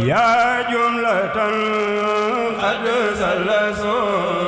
يا جملة قد سلسوا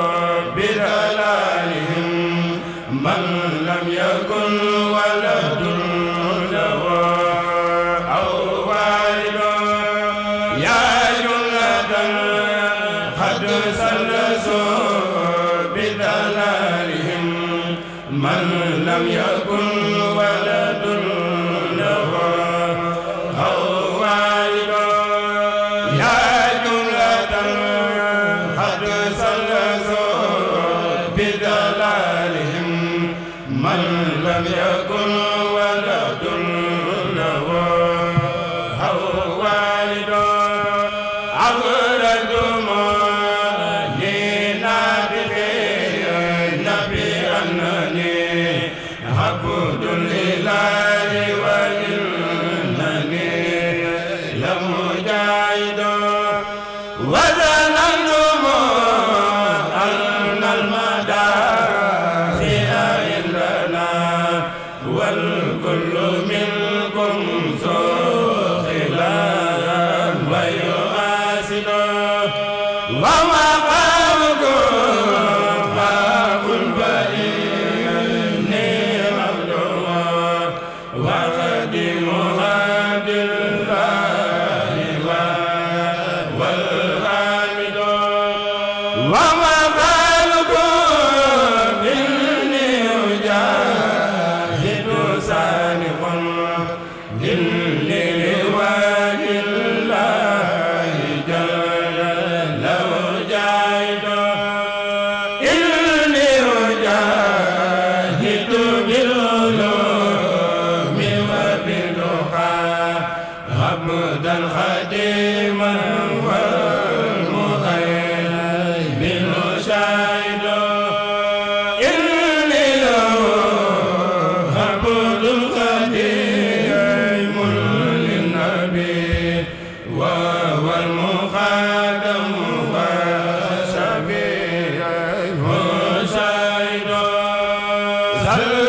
sal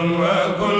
wa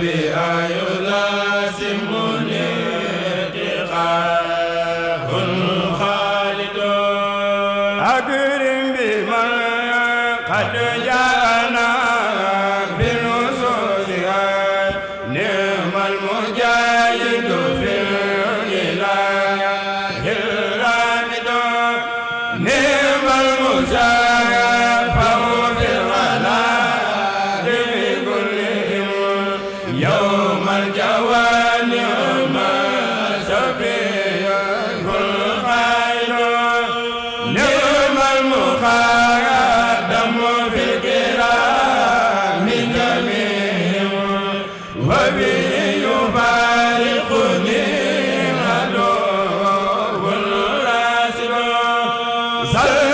bi sal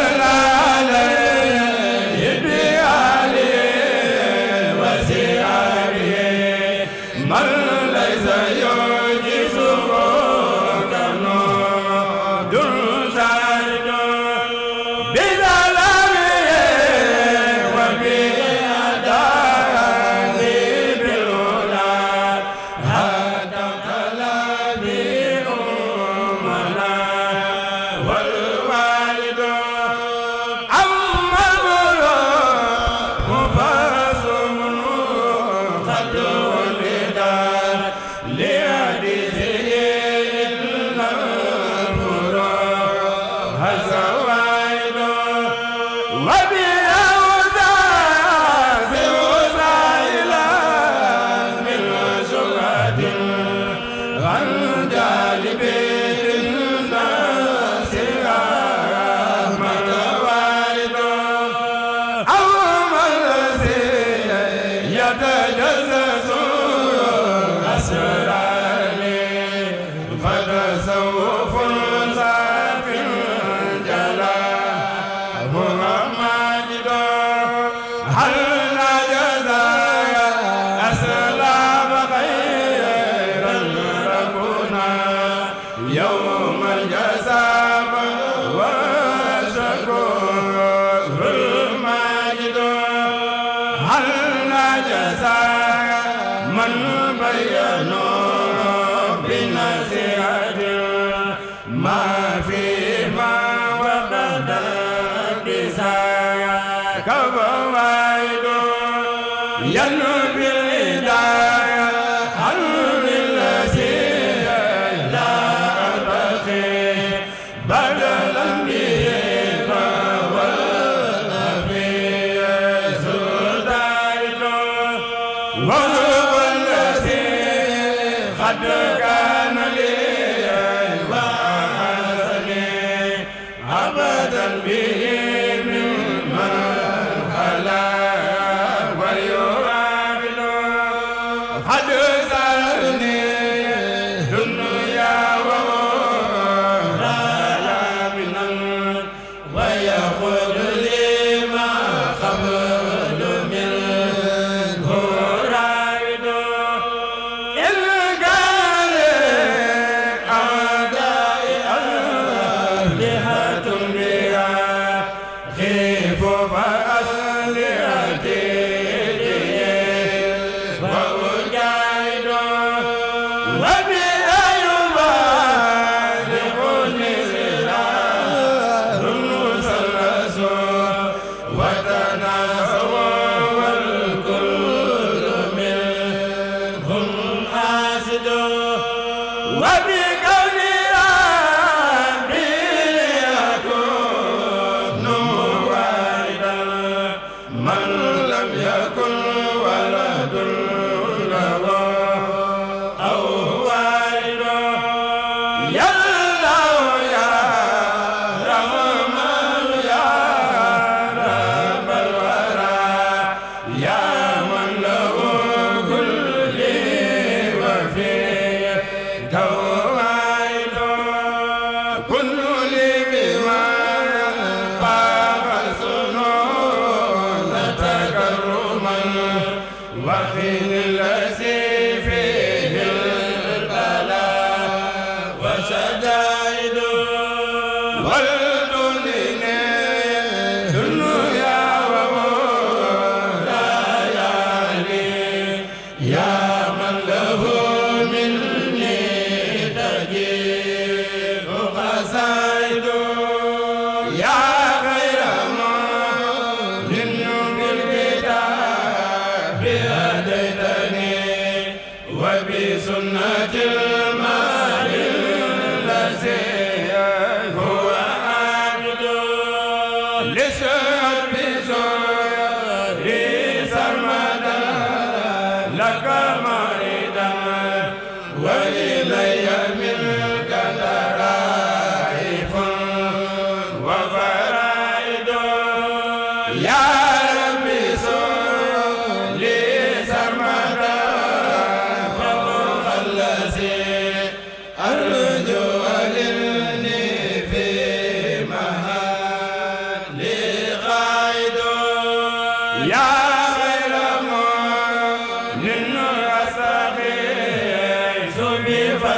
yow deux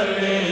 salli